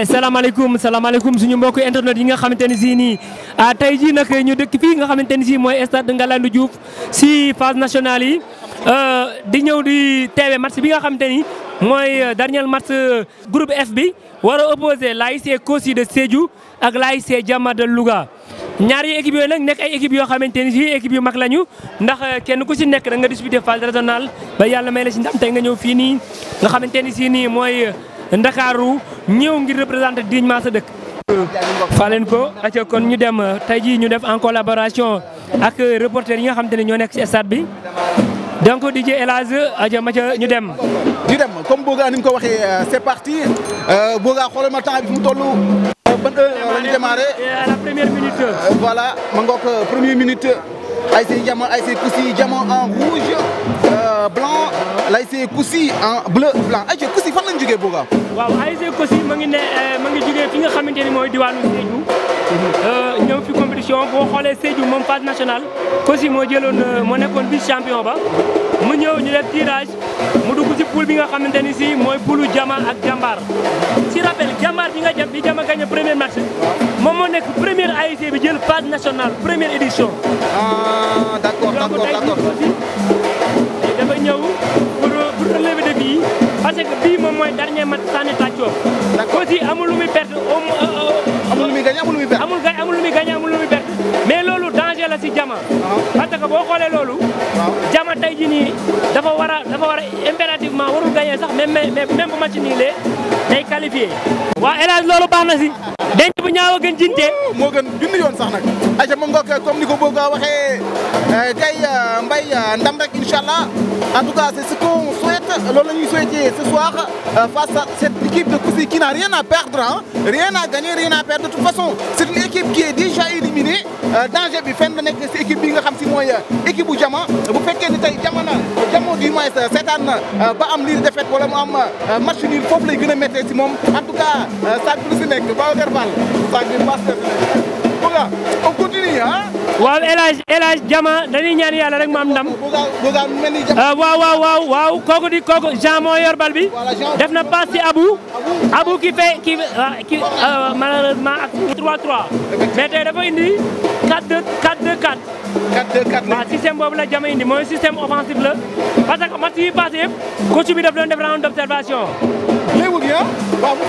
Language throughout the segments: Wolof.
Assalamualaikum, assalamualaikum. suñu mbokk internet yi nga xamanteni ne ni nii ah tey jii ñu dëkk fi nga xamanteni ne moy stade ngalandu djouf si phase nationale yi ah, di ñëw di teewe match bi nga xamanteni moy ah, dernier match ah, groupe F bi war a opposé l'AIC de Sédhiou ak l'AIC Diama de Louga. yi équipe yo nak nek ay équipe yo xamanteni ni équipe yu mag lañu ndax kenn ku ci nek da nga disputer phase régionale ba yalla may la ci ndam tay nga ñëw fi ni nga xamante ni moy ndakaaru ñëw ngir représenter dignement sa dëkk. fàlen ko aca kon ñu dem tey jii ñu def en collaboration ak reporter yi nga xam te ne ñoo nekk ci stade bi donc DJ Elage aja ma ca ñu dem. ñu dem comme Boga ni mu ko waxee euh, c'est parti euh, Boga xoolal ma temps bi fu mu toll. Euh, ban heure la la première minute. voilà ma ngoog première minute. Aïsé Diamant, Koussi, Diamant en rouge, euh, blanc, Aïsé Koussi en bleu, blanc. ASC Koussi comment lañ jógee Boga. waaw Koussi mu ngi ne euh, mu ngi jógee fi nga euh, compétition Koussi le champion ba mu ñu tirage mu dugg ci poule bi nga xamante si Diamant rappel jambar bi nga premier match premier bi phase première édition. Ah, ah d'accord d'accord d'accord dafa ñëw pour pour relever défi parce que bii moom mooy dernier match sànni tàccoo. d'accord amul lu muy perte euh, euh, amul lu muy amul lu muy amul gagné perte mais loolu danger la si jama. Uh-huh. parce que boo xoolee loolu. Uh-huh. jama tey ji nii dafa war a dafa war a impérativement warul gagné sax même mais même bu match nii lee day qualifié. waa El loolu baax na si. denc bu ñaaw a gën jinte moo gën junni yoon sax nag aca moom nga comme ni ko bëgg a waxee kay eh, eh, mbay eh, ndam rek incha allah en tout cas loolu la ñuy ce soir euh, face à cette équipe de Kousi qui n'a rien à perdre hein rien à gagner rien à perdre de toute façon c'est une équipe qui est déjà éliminée euh, danger bi fenn la nekk équipe bi nga xam euh, équipe bu Jama bu fekkee ni tey Jama na Jama du moins seetaan na ba am de défaite wala mu am match nul foofu lay gën a méttee si en tout cas saa bi lu si nekk Babacar Fall saa bi master Bouga on continue waaw El Hadj El Hadj Jama dañuy ñaan yàlla rek mu am ndam. Euh, waaw waaw waaw waaw kooku di kooku Jean moo yor bal bi. def na passe ci Abou. Abou ki fe ki ki malheureusement ak 3-3. mais tey dafa indi 4-2 4-2 4. 4-2 4 waaw système boobu la Jama indi mooy système offensif la parce que match yi passé def round d'observation. léegi nag waaw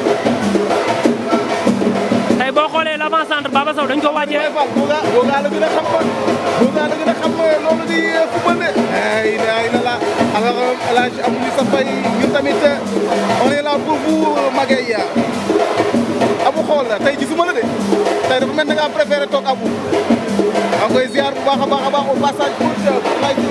tey boo xoolee l'avant centre Baba Sow dañ ko wàccee. Eh, Bouga la gën a xam kon Bouga la a xam euh, loolu di euh, football de. ay ay la la Sa Faye ñun tamit euh, on est là pour vous Magueye abu xool la tey gisuma la de tey dafa mel ne nga abu. maa ngi koy ziar bu baax a baax a baax au passage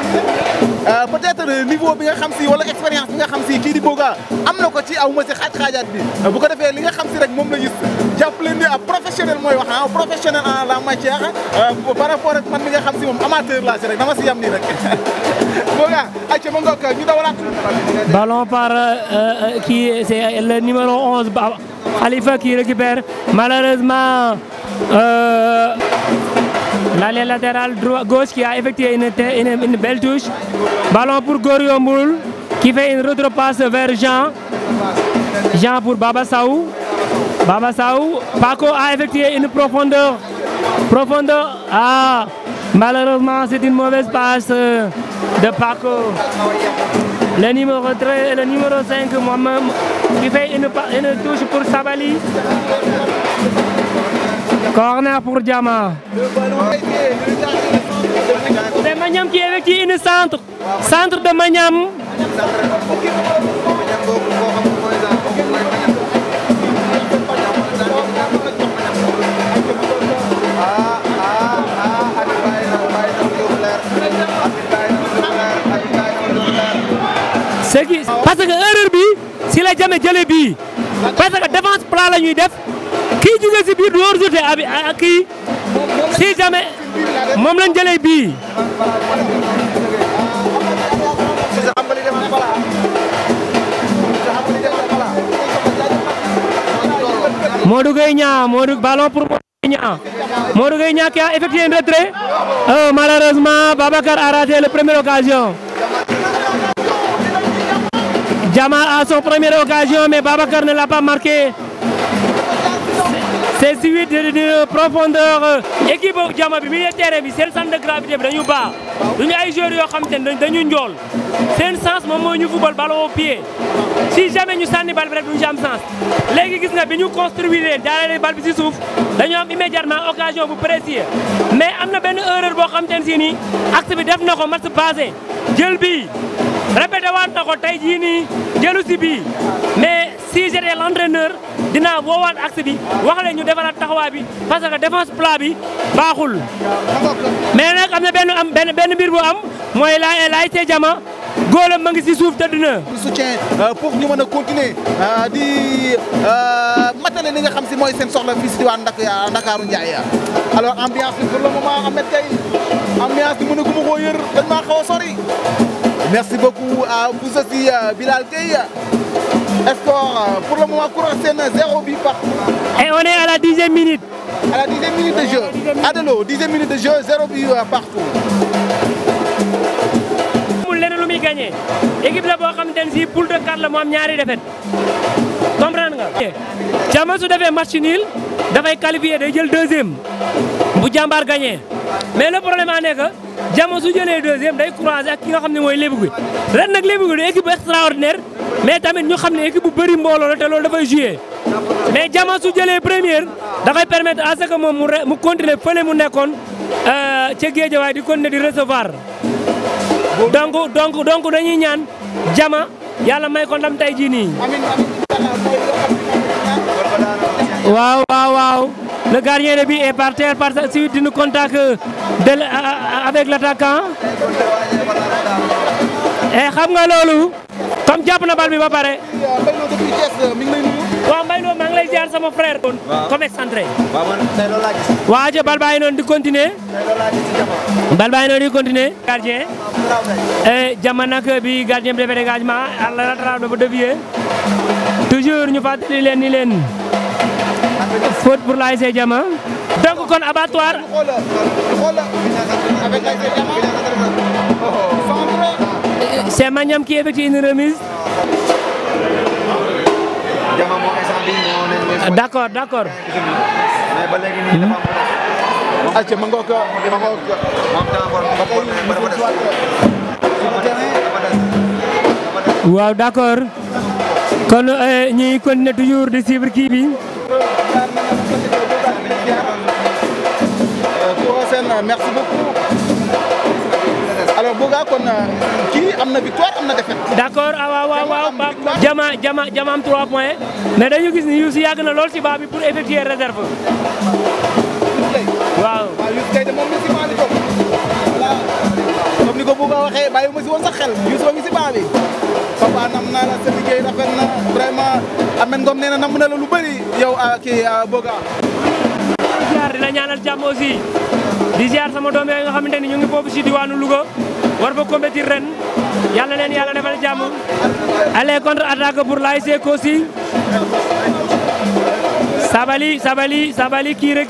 peut-être niveau bi nga xam si wala expérience bi nga xam si kii di Boga am na ko ci aw ma si xaaj xaajaat bi bu ko defee li nga xam si rek moom la gis jàpp leen ni professionnel mooy wax ah professionnel en la matière par rapport ak man mi nga xam si moom amateur laa si rek dama si yam nii rek Boga ayca ma ngoog ñu dawalaat. ballon par kii c'est le numéro 11 Khalifa qui récupère malheureusement. euh, L'allée latérale gauche qui a effectué une, belle touche. Ballon pour Goriomoul qui fait une retropasse vers Jean. Jean pour Baba Saou. Baba Saou. Paco a effectué une profondeur. Profondeur. Ah, malheureusement, c'est une mauvaise passe euh, de Paco. Le numéro, 3, le numéro 5, moi-même, qui fait une touche pour Sabali. Corner pour Diama. C'est Magnam qui est avec une centre. Centre de Magnam. c'est parce que erreur bi si la jame jële bii parce que défense la ñuy def kii jugee si biir door jote abi ak si jamais moom lañ jëlee bii. Modou Gueye Niang Modou ballon pour Modou Gueye Niang Modou Gueye Niang qui a effectué un retrait euh, malheureusement Babacar a raté la première occasion Diamar a son première occasion mais Babacar ne l'a pas marqué c'est suivi de profondeur euh, équipe jama bi milieu terrain bi seen centre de gravité bi dañu baax duñu ay joueurs yoo xam te ne dañu jool seen sens moom mooy ñu football ballon au si jamais ñu sànni bal bi rek duñu ci am sens gis nga bi ñu construire leen jaarale bal bi si suuf dañu am immédiatement occasion bu précieuse mais am na benn erreur boo xam te ne si nii axe bi def na ko match passé jël bii répété waat na ko tey jii nii jëlu si bii si j'étais l'entraîneur dinaa woowaat axe bi wax ñu defaraat taxawaay bi parce que défense plat bi baaxul. mais nag am na benn am benn benn mbir bu am mooy laay laay see jama góolam ma ngi si suuf tëdd na. soutien euh, pour ñu mën a continuer euh, di euh, matale li nga xam si mooy seen soxla fii si diwaan Ndakaaru Ndiaye alors ambiance bi pour le moment Ahmed Gueye ambiance bi mënaguma koo yër dañ maa xaw a sori. Merci beaucoup à vous aussi, euh, Bilal Key. Escore, euh, pour le moment, courant scène 0 but partout. Et on est à la 10e minute. À la 10e minute de jeu. Adelo, 10e minute de jeu, 0 but euh, partout. leneen lu gagné équipe la boo xamante ne si poule de quatre la mu am ñaari défaite comprendre nga. Thiamane su defee match nul dafay qualifié day jël deuxième. bu jàmbaar gagné mais le problème en est Jama su jëlee deuxième day croisé ak ki nga xam ne mooy Lébigui ren nag Lébigui du équipe extraordinaire mais tamit ñu xam ne équipe bu bëri mbooloo la te loolu dafay joué mais Jama su jëlee première dafay permettre à ce moom mu continuer fële mu nekkoon euh, ca Guédiawaye di continuer di recevoir donc donc donc dañuy ñaan Jama yàlla may ko ndam tey jii nii. waaw waaw waaw le gardien de but est par terre par suite d'une contact de euh, euh, avec l'attaquant e xam nga loolu comme jàpp na bal bi ba pare waaw mbay noo maa ngi lay ziar sama frère kon comme excentré waaw ajo bal baa ngi di continuer bal baa ngi noonu di continuer gardien e jama nak bi gardien bi defee dégagement à latéral ba dévier toujours ñu fàttali leen ni leen faute pour l'ASC Diama donc kon abattoir c'est Magnam qui effectue une remise d'accord d'accord acca waaw d'accord kon euh, ñi continuer toujours di suivre kii bi merci beaucoup alors Bouga kon euh, kii am na victoire am na défaite. d' accord ah, waaw waaw waaw jama jama jama points mais dañu gis ni Youssou yàgg na lool si baa bi pour effectuer réserve. waaw comme ni ko bu ba waxee bàyyi ma si woon sax xel ngi bi papa nam naa la sa liggéey rafet na vraiment Ameth Ngom nee nam na la lu yow ah, ah, Boga. di ziar ñaanal jàmm aussi di ziar sama doom nga xamante ñu ngi foofu si diwaanu Louga war ba compétir ren yàlla leen yàlla defal jàmm aller contre attaque pour l'ASC Kossy Sabali Sabali Sabali rek.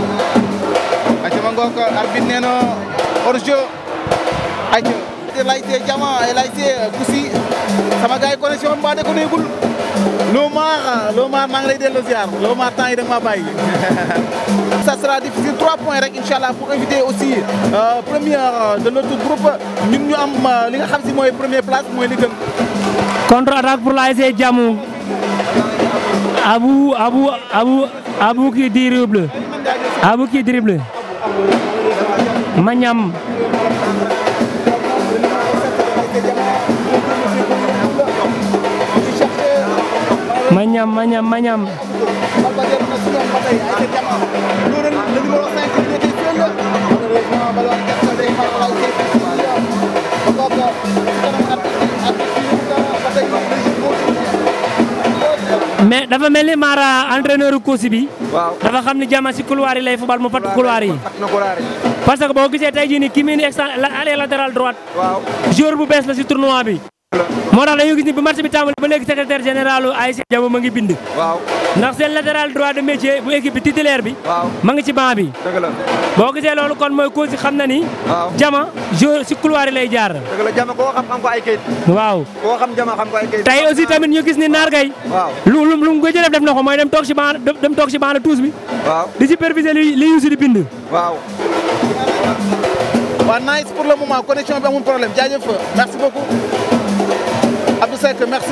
ayca ma ngoog arbitre nee na hors jeu ayca Laye Diama Laye Goussy sama gars connexion mbaa de ko néegul Lomar Lomar maa ngi lay delloo ziar Lomar temps yi da nga maa bàyyi ça sera trois points rek incha allah pour éviter aussi euh, première de notre groupe ñun ñu am euh, li nga xam si mooy première place mooy li gën. contre pour l'ASC Diamou Abou Abou Abou ma ñam ma ñam ma ñam mais dafa mel ni Mara entraîneur Kossy bi. waaw dafa xam ni Diama si couloir yi lay fubal mu fat couloir yi. parce que boo gisee tey jii nii ki muy nii extra allée latéral bu bees la si tournoi bi. moo tax dañoo gis ni bu match bi tàmbali ba léegi secrétaire général ASC Diama ma ngi bind. ndax seen latéral droit de métier bu équipe bi titulaire bi. ma ngi ci banc bi. dëgg la boo gisee loolu kon mooy cause xam na ni. jama joueur si couloir yi lay jaar. dëgg la jama koo xam xam ko ay kayit. waaw koo xam jama xam ko ay kayit. tey aussi tamit ñu gis ni naar gay. waaw lu lu lu mu gëj na ko mooy dem toog si banc dem toog si banc la tuus bi. di superviser li li Youssou di bind. waaw. waaw nice pour le moment connexion bi amul problème jaajëf merci beaucoup Abdou Seck merci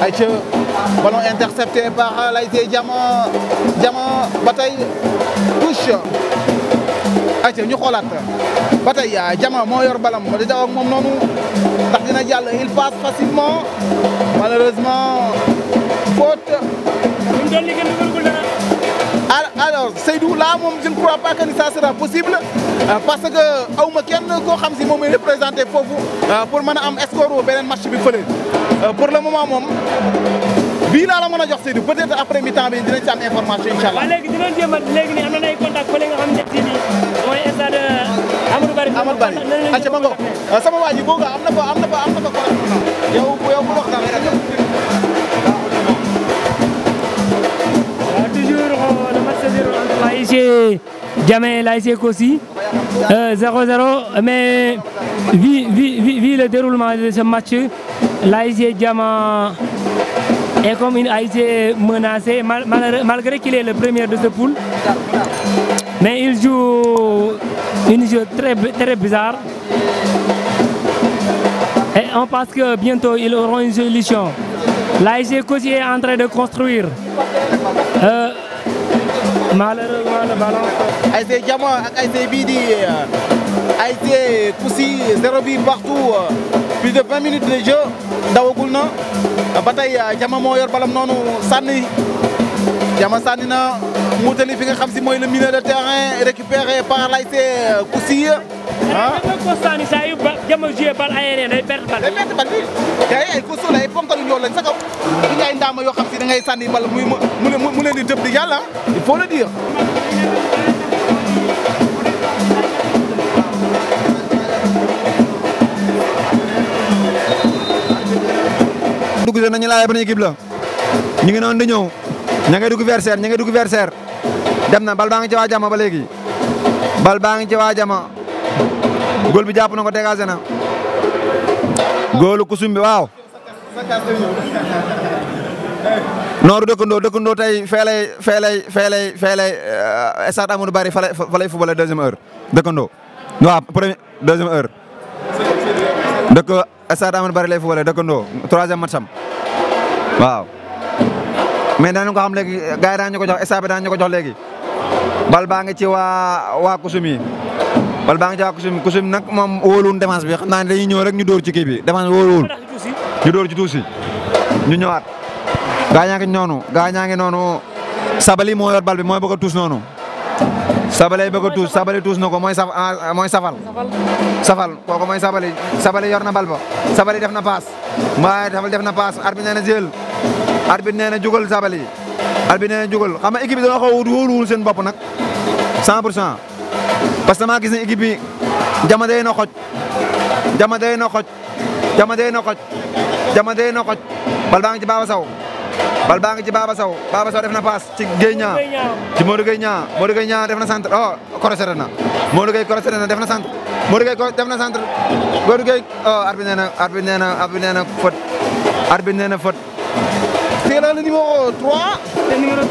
Aïcha ballon intercepté par Laïté Diamant Diamant bataille touche Aïcha ñu xoolaat bataille Diamant meilleur yor balam di daw ak moom noonu ndax dina il passe facilement malheureusement faute. ñu c'est liggéey alors Seydou là je ne crois pas que ça sera possible euh, parce que au kenn koo xam si moom pour vous, euh, pour mën a am score un match bi Euh, pour la moment moom bii laa la mën a jox Seydou peut être après mi temps bi dinañ ci am information incha allah. waaw léegi dinañ jéem a léegi nii am nañ ay contacts fële nga xam ne si nii mooy stade Amadou Barry. Amadou Barry acca ma ngoog sama waa ji googu am na ko am na ko am na ko correspondant yow yow bu wax dara rek. waaw toujours. Euh, l'AIC Diamant et l'AIC 0-0, mais vu, le déroulement de ce match, l'AIG Diamant est comme une a menacée, malgré qu'il est le premier de ce pool. Mais il joue une jeu très, très bizarre. Et on pense que bientôt ils auront une solution. L'AIG Kossi est en train de construire. Euh, malheureusement le ballon. Aïté Diama ak Aïté Bidi, di euh, zéro partout euh, plus de 20 minutes de jeu dawagul na bataille, tey euh, Diama moo yor balam Sani. sànni Diama sànni na muutali fi nga xam si mooy le milieu de terrain récupéré par Aïté Koussi. ah da nga constat ni saa yu ba jamono jiyee bal aérien day perte bal. day perte bal bi gars ay costaud la ay ponkal di dëb di la di ñëw ña ngay dugg Versaire ña ngay dugg Versaire dem na bal baa ngi ci waa jama ba léegi bal baa ngi ci waa góol bi jàpp na ko dégagé na góolu kusum bi waaw. nooru dëkkandoo dëkkandoo tey fee lay fee lay fee lay fee lay eh, stade Amadou Barry fa lay fa lay footballé dëkkandoo waaw premier deuxième heure. dëkk stade Amadou Barry lay footballé dëkkandoo troisième match am waaw. mais danañ ko xam léegi gars yi daañu ko jox stade bi ko jox léegi. bal baa ngi ci waa waa bal bang ngi caa kusum kusum mom moom wóoluwul défense bi xam dañuy ñëw rek ñu door ci kibi bi défense wóoluwul ñu door ci tousi ñu ñëwaat gaa ngi nonu ngi sabali moo yor bal bi moy bëgg tous nonu sabali bëgg tous sabali tous nako moy safal ah, moy safal safal koko moy sabali sabali yor na bal ba sabali def na pass waaye safal def na pass arbitre na jël arbitre na jugal sabali arbitre nee na jugal xam nga équipe dañ dana xaw wóoluwul seen bop nak 100 parce que damaa gis ne équipe bi jama day na xoj jama day na xoj jama day na xoj jama day na xoj bal baa ngi ci Baba Sow bal baa ngi ci Baba Sow Baba Sow def na paas ci Guèye Niang ci Modou Guèye Niang Modou Guèye Niang def na centre oh croisé na Modou Guèye croisé na def na centre Modou Guèye def na centre Modou Guèye oh arbitre nee na arbitre nee na arbitre nee na faute arbitre nee na faute c'est le numéro 3 le numéro 3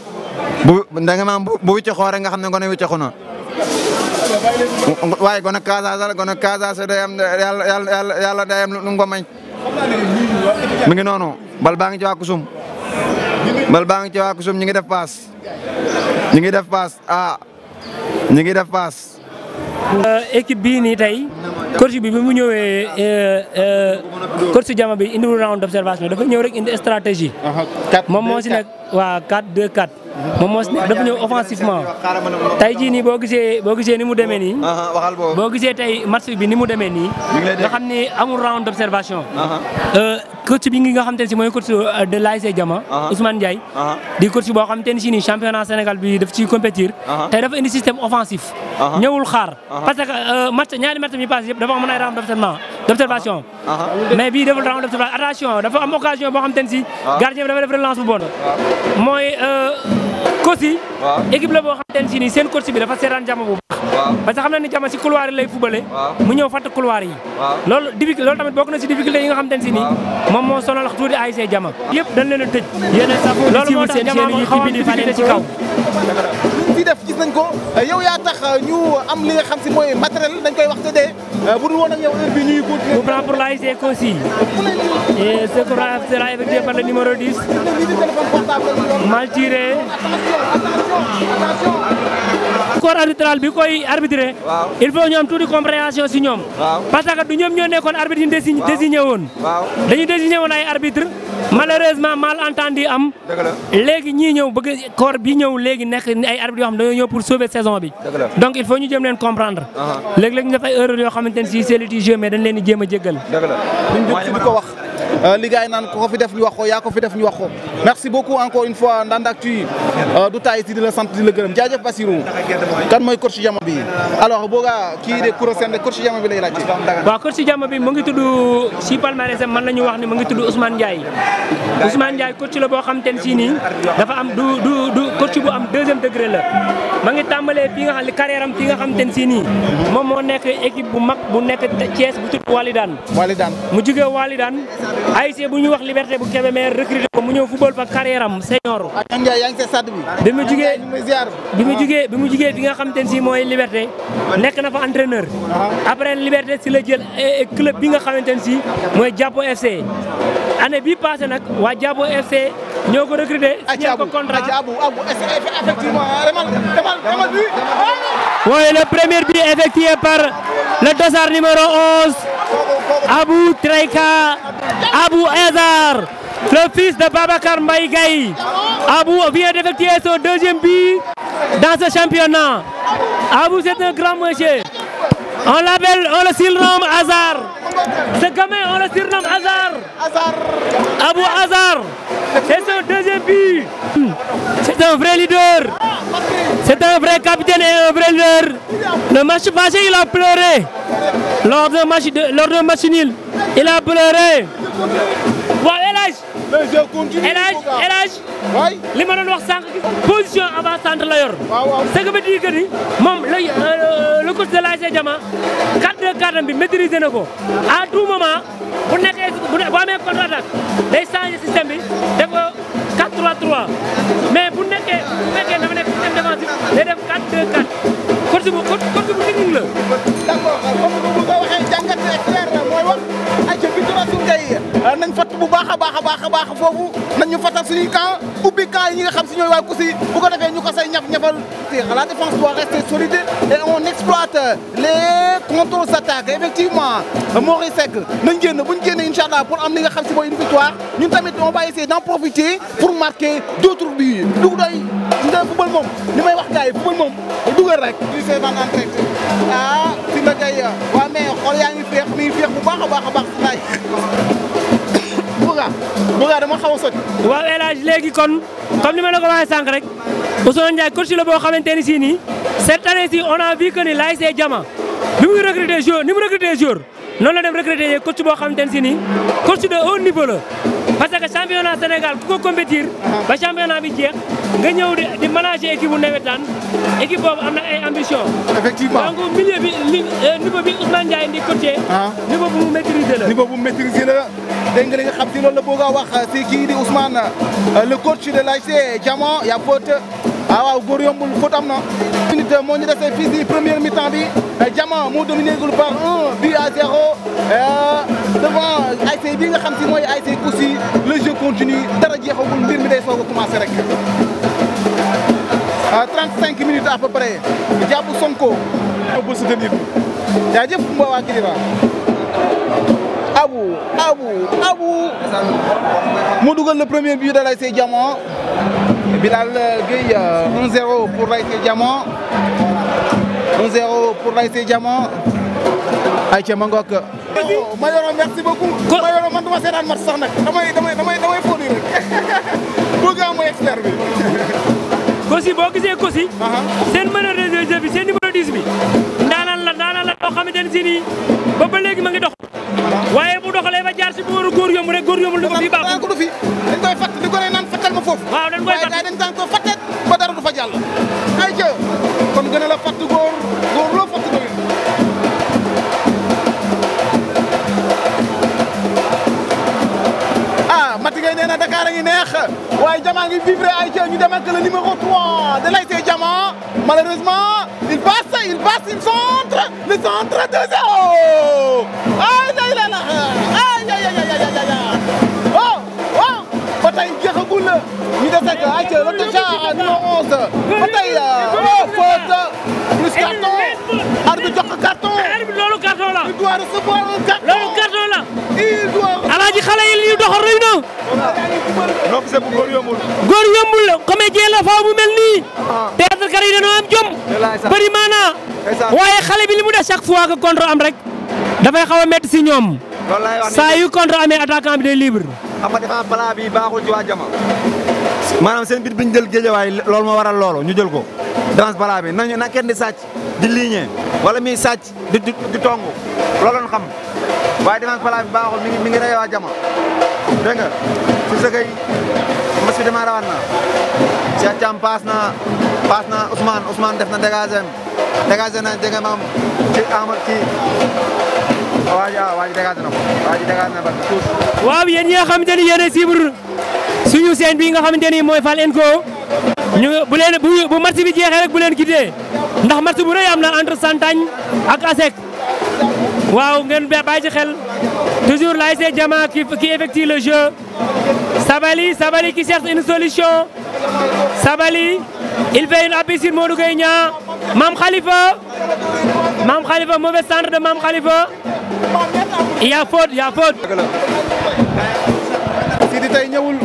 bu danga maam bu wiccaxoo rek nga xam ne gone wiccaxu na waaye gone Kaasa la gone Kaasa day am yàlla yàlla yàlla day am lu mu ko may. mi ngi noonu bal baa ngi ci waa Kusum bal baa ngi ci waa Kusum ñu ngi def paas ñu ngi def paas ah ñu ngi def paas Euh, équipe bi nii tey coach bi bi mu ñëwee euh, euh, coach jama bi indiwul round d'observation dafa ñëw rek indi stratégie. moom moo si nekk waa 4 de 4. moom moo si nekk dafa ñëw offensivement tey jii nii boo gisee boo gisee ni mu demee nii. boo gisee tey match bi ni mu demee nii. nga xam ni amul round d'observation. coach bi nga xam te ne si mooy coach de l'ASC Jama. Ousmane Ndiaye. di coach boo xam te si nii championnat Sénégal bi daf ci compétir. tey dafa indi système offensif. ñëwul xaar. Uh-huh. parce que euh, match ñaari match yi passé yëpp dafa amoon ay round d'observation d'observation uh-huh. uh-huh. mais bii deful round d'observation attention dafa am occasion boo xam te ne si gardien bi dafa def relance bu euh, kosi équipe la boo xamante ne nii seen coach bi dafa seetaan jàmm bu baax parce que xam ni jàmm si couloir yi lay fubale mu ñëw fàtt couloir yi loolu difficulté loolu tamit bokk na si difficulté yi nga xamante ne nii moom moo sonal tuuti ASC Jama yëpp dañ leen a tëj loolu moo tax Jama moo xaw a difficulté ci kaw fi def gis nañ ko yow yaa tax ñu am li nga xam si mooy matériel dañ koy wax te dee bu dul woon ak yow heure bi ñuy continuer bu plan pour et ce sera par le numéro 10 mal tiré corps arbitral bi koy arbitré. il faut ñu am tuuti compréhension si ñoom. parce que du ñoom ñoo nekkoon arbitre yi ñu désigné woon. dañu désigné woon ay arbitre malheureusement di am. léegi ñii ñëw bëgg corps bi ñëw léegi nekk ay arbitre yoo xam dañoo ñëw pour sauver saison bi. donc il faut ñu jëm leen comprendre. Uh-huh. léeg-léeg ñu def ay erreur yoo xamante ne si c'est litigieux mais dañ leen di jéem a jéggal. dëgg Euh, li gars nan ko fi def ñu wax ko ya ko fi def ñu wax ko merci beaucoup encore une fois tu euh du tay si di la sante di la gërem jaajëf Basirou kan moy kursi jama bi alors boogaa ki de Kouro sen de kursi jama bi lay laajte ba kursi jama bi mo ngi tuddu si palmarès man lañu wax ni mo ngi tuddu Ousmane ndjay Ousmane ndjay kursi la bo xam te ne dafa am du du du kursi bu am deuxième degré la ma ngi tambalé fi nga xam ne carrière am fi nga xam te ne sii nii moom équipe bu mag bu nekk Thiès bu tuddu walidan walidan mu jugee walidan ASC bu ñuy wax liberté bu Kébémer recruté ko mu ñëw football fa carrière am senior. bi. bi mu jugee bi mu jugee bi mu jugee bi nga xam te ne si mooy liberté nekk na fa entraîneur. après liberté si la jël club bi nga xamante ne si mooy Jàppo FC. année bii passé nag waa Jàppo FC ñoo ko recruté. ñoo ko contrat Adja Abou Adja Abou effectivement demal demal demal Oui, le premier but effectué par le dossard numéro 11, Abu Traika, Abu Ezar, le fils de Babakar Maïgaï. Abu vient d'effectuer son deuxième but dans ce championnat. Abu, c'est un grand monsieur. On l'appelle, on le surnomme Hazard. C'est gamin, on le surnomme Hazard. Abou Hazard. C'est son deuxième but. C'est un vrai leader. C'est un vrai capitaine et un vrai leader. Le match passé, il a pleuré. Lors d'un match, il a pleuré. Voilà. Hadj. mais li ma doon wax sànq position avant centre la yor. waaw waaw ce qui veut dire que ni moom lay euh, le coach de l'ASC Diama carte de carte bi ko à tout moment bu nekkee bu amee contre attaque day changer système ko 4-3-3 mais bu nekkee bu fekkee dafa nekk système défensif day def 4-2-4 coach bu coach bu technique la. Euh, nañ fat bu baax a baax a baax a baax foofu nañ fatal suñuy camp ubbi camp yi nga xam si ñooy waa kusi bu ko defee ñu ko say ñaf-ñafal la défense doit rester solide et on exploite les contre attaques effectivement Maurice Seck nañ génn buñ génne incha allah pour am li nga xam si mooy une victoire ñun tamit on va essayer d'en profiter pour marquer d'autres buts dug doy da football moom li may wax gars yi football moom dugal rek lycée Van Antec ah si ma gay waa mais xool yaa ngi féex mi féex bu baax a baax a baax si naaj Moussa Moussa dama xaw a soj. waaw El Hadj léegi kon comme ni ma la ko waxee sànq rek Ousmane Ndiaye la boo xamante ni si nii cette année ci on a vu que bi muy recruter joueur ni mu recruter joueur noonu la dem recruter coach boo xamante ne si nii coach de haut niveau la. parce que championnat Sénégal ku ko compétir ba championnat bi jeex nga ñëw di di manager équipe bu nawetaan équipe boobu am na ay ambition. effectivement donc milieu bi euh, niveau bi Ousmane Ndiaye ah. la. dégg nga nga xam si loolu la bëgg a wax ah, si kii di Ousmane ah, le coach de l'AS Diamant ya faute ah waaw góor yombul faute am na. minute moo ñu dese fii si première mi-temps bi ah, Diamant moo dominé gul par un but à zéro devant ASC bi nga xam si mooy ASC aussi le jeu continue dara jeexagul mbir mi day soog a commencé rek. 35 minutes à peu près jàpp Sonko. bu soutenir jaajëf Mbaye waa Kidira Abou Abou Abou mu le premier but de l'AS Diamant Bilal Gueye 1-0 pour l'AS Diamant 1-0 pour l'AS Diamant ayca Mangok. Mayoro merci beaucoup. Mayoro man dama seetaan match sax nag damay damay damay damay fóoni rek bëgg nga am expert bi. Kossi boo gisee Kossi. seen meneur de jeu bi seen numéro 10 bi. ndaanaan la ndaanaan la loo xamante ne si nii ba ba léegi ma ngi dox. waaye bu doxalee ba jaar si booru góor yomb rek góor yomb lu ko fii baaxul ko du fi dañ koy fatt di ko naan fattal ma foofu waaw dañ koy fatt ba dara du fa jàll ay jë kon gën a la fatt góor góor loo fatt doyul ah mati ngay nee na Dakar neex Ouais Diama il vivrait le numéro 3 de est malheureusement il passe il passe il centre le centre 2-0 Aïe là Aïe aïe aïe aïe aïe aïe aïe aïe oh oh aïe, aïe, aïe, oh aïe, plus carton arbitre jox ko carton. arbitre loolu carton la. alaaji xale yi li ñu doxal na. donc c'est pour góor yombul. góor yombul la faaw bu mel nii. théâtre kat yi dañoo am jom. bëri maanaa. waaye xale bi mu def chaque fois que am rek. dafay xaw a si ñoom. saa yu contre amee attaquant bi day libre. xam nga bi maanaam seen bit bi ñu jël géejawaay loolu moo waral loolu ñu jël ko. transparent bi nañu na kenn di sàcc di liggéey wala muy sàcc di di di tongu loolu lañ xam waaye transparent bi baaxul mi ngi mi ngi rey waa jama dégg nga su sëgay mas fi dama na Cheikh Thiam paas na paas na Ousmane Ousmane def na dégagé na dégg maam ci Amar ci waa ji na ko waa ji dégagé na ba a suñu seen bi nga xamante mooy Fal Co ñu bu leen bu vous match bi jeexee rek bu leen gisee ndax match bu rëy am entre Santagne ak ASEC waaw ngeen bàyyi ci xel toujours l'ASC Diama qui qui effectue le jeu Sabali Sabali qui cherche une solution Sabali il fait une appui sur Modou Gueye Niang Khalifa Mam Khalifa mauvais centre de Mam Khalifa il y a faute il y a faute. Sidi tey ñëwul.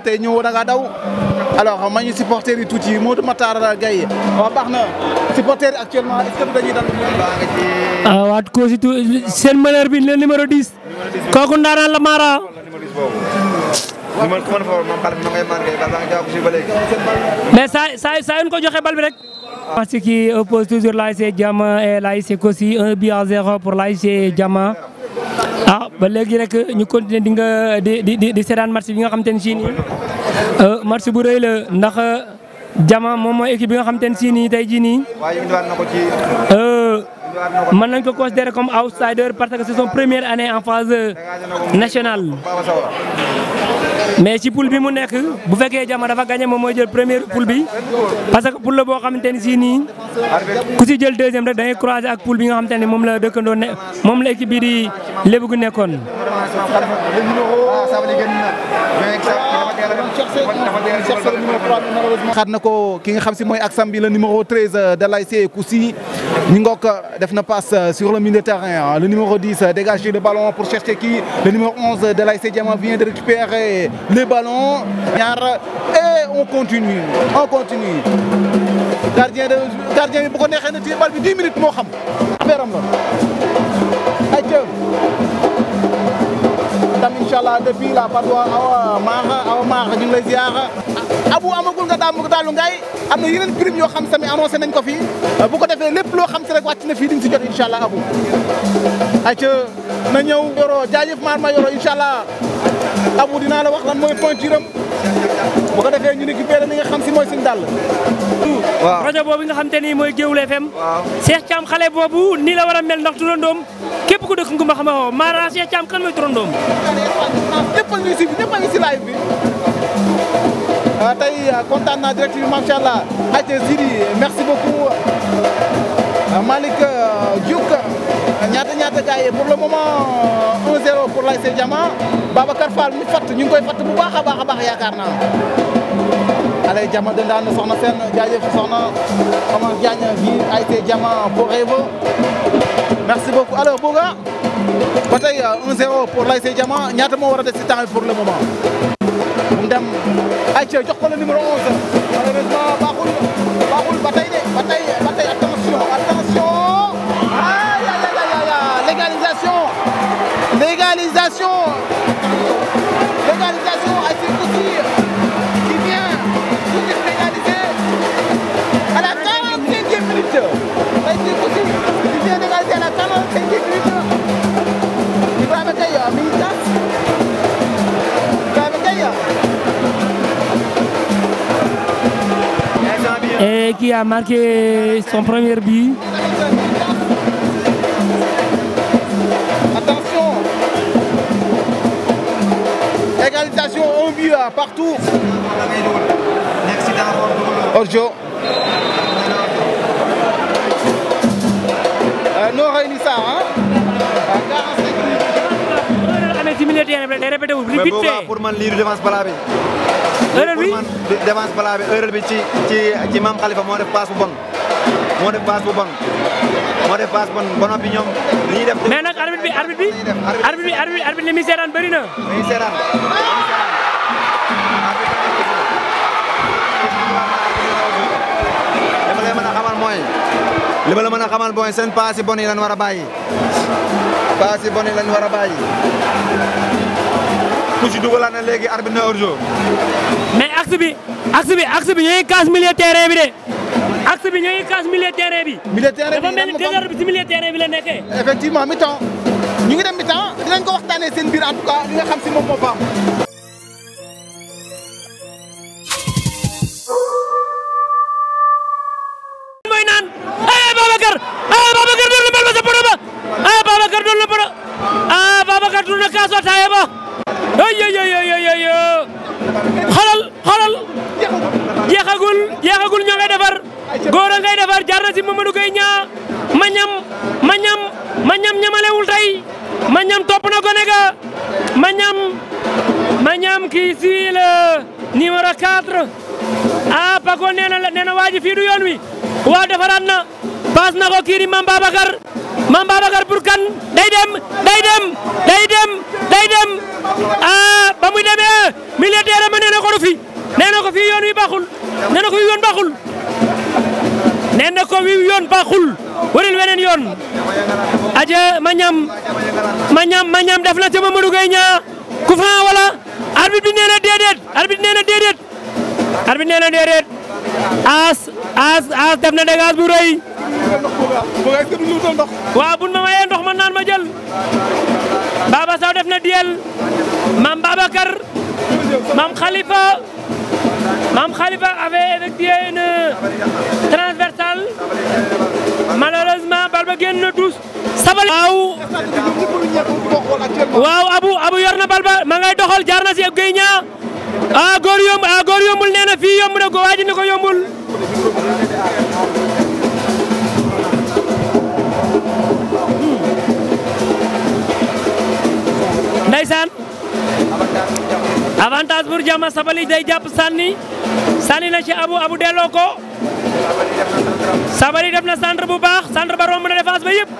tey tey daw alors ma ñu supporters yi tuuti Modou Matar Gaye waaw baax na supporters yi actuellement est ce que dañuy dal ah la Mara. mais saa ko joxe bal bi rek. oppose toujours l'ASC Diama et l'ASC Kossy un but à zéro pour l'ASC Diama ah ba légui rek ñu continuer di nga di di di sétane match bi nga xamanteni ci ni euh match bu reuy la ndax eh, jama mom mo équipe bi nga xamanteni ci ni tay ji ni waye mën nañ ko considérer comme outsider parce que c'est son première année en phase nationale mais ci poule bi mu nekk bu fekkee jamon dafa gagné moom mooy jël première poule bi parce que poule la boo xamante ni si nii ku si jël deuxième rek da ngay ak poule bi nga xamante ni moom la dëkkandoo ne moom la équipe bi di lébugu nekkoon xaat na ko ki nga xam si mooy ak sam bi la numéro 13 euh, de l'ASC Koussy Ningok euh, def passe euh, sur le milieu de terrain. Hein. Le numéro 10 euh, dégage le ballon pour chercher qui Le numéro 11 de l'AIC Diamant vient de récupérer le ballon. Et on continue. On continue. Gardien, de, gardien, il faut 10 minutes. incha depuis la patwa awa maaxa awa maaxa ñu ngi lay ziara abu amagul nga daam daalu ngay am na yeneen prime yoo xam sami annoncé nañ ko fii bu ko defee lépp loo xam si rek wàcc na fii di nga si jot incha allah abu aca na ñëw yoro jaajëf maar ma yoro incha amu dinaa la wax lan mooy pointure am bu ko defee ñu récupéré li nga xam si mooy suñu dàll. waaw rajo boobu nga xam te ni mooy Géoul FM. waaw xale boobu nii la war a mel ndax turandoom képp ku dëkk Ngoumba xam nga waaw Mara Cheikh Thiam kan mooy turandoom. ñëpp a ngi si ñëpp a ngi ah, ah, kontaan naa direct bi macha allah. Aïcha Sidi merci beaucoup ah, Malick Diouk. ñaata ñaata gars yi pour le moment 1-0 pour l'ASC Diama Babacar Fall mi fatt ñu ngi koy fatt bu baax a baax a baax yaakaar naa allez Diama daan soxna seen jaajëf soxna Omar Diagne fii ASC Diama pour rêve merci beaucoup alors Bouga ba tey 1-0 euh, pour l'ASC Diama ñaata moo war a des ci temps bi pour le dem ay jox ko le numéro 11 malheureusement baaxul L'égalisation L'égalisation à Sikoussi qui vient tout est légaliser à la 45e minute. À Sikoussi qui vient d'égaliser à la 45e minute. Il va Ibrahim Kaye, militant. Ibrahim Kaye. Et qui a marqué son premier but. à euh, partout. Orjo. Euh, noo xëy ni saa ah. mais boobaa pour man lii du défense balaa bi. erreur bi pour man défense balaa bi erreur bi ci ci maam Khalifa moo def passe bu bon. moo def passe bu bon moo def passe bu bon ba noppi ñoom li ñuy nag arbitre bi arbitre bi arbitre bi arbitre li muy seetaan bëri mooy li ma la mën a xamal mooy seen paas yi bon yi lañ war a bàyyi paas yi bon yi lañ war a bàyyi ku ci dugalaat na léegi arbitre na hors-jeu mais axe bi axe bi axe bi ñoo bi de axe bi ñoo ngi casse milieu terrain bi. milieu terrain bi dafa mel ni désordre bi ci milieu terrain bi la nekkee. effectivement mi-temps ñu ngi dem mi-temps dinañ ko waxtaanee seen biir en tout cas li nga xam si moom dul na kaasu ba ay ay ay ay xolal xolal ñoo ngay defar góor ngay defar jaar na si Mamadou Gueye ñaa ma ñam ma ñam ma ñam ñamalewul ma ñam topp na gone ga ma ñam ma ñam kii si le numéro 4 ah Paco nee na nee fii du yoon wi waaw defaraat na paas na ko kii di Mame Babacar Mame Babacar pour kan day dem day dem day dem day dem ah ba muy demee ma nee ko du fi ko fii yoon wi baaxul nee ko fii yoon baaxul nee weneen yoon aja ma ñam ma ñam ma ñam def na ca Mamadou Gueye ñaa ku fa wala arbitre bi nee na déedéet arbitre nee na déedéet arbitre nee na déedéet waaw buñ ma mayee ndox man naan ma jël Baba Sow def na diyel maam Babacar maam Khalifa maam Khalifa avait effectué une transversale malheureusement bal ba na douce sabal waaw waaw abu abu yor ma ngay doxal jaar na si Guèye ñaa a ah, góor yomb a ah, góor yombul nee na fii yomb na ko waa ko yombul ndeysaan avantage pour Diama Sabali day jàpp sànni sànni na ci abu abu delloo ko Sabali def na centre bu baax centre ba romb na défense ba yëpp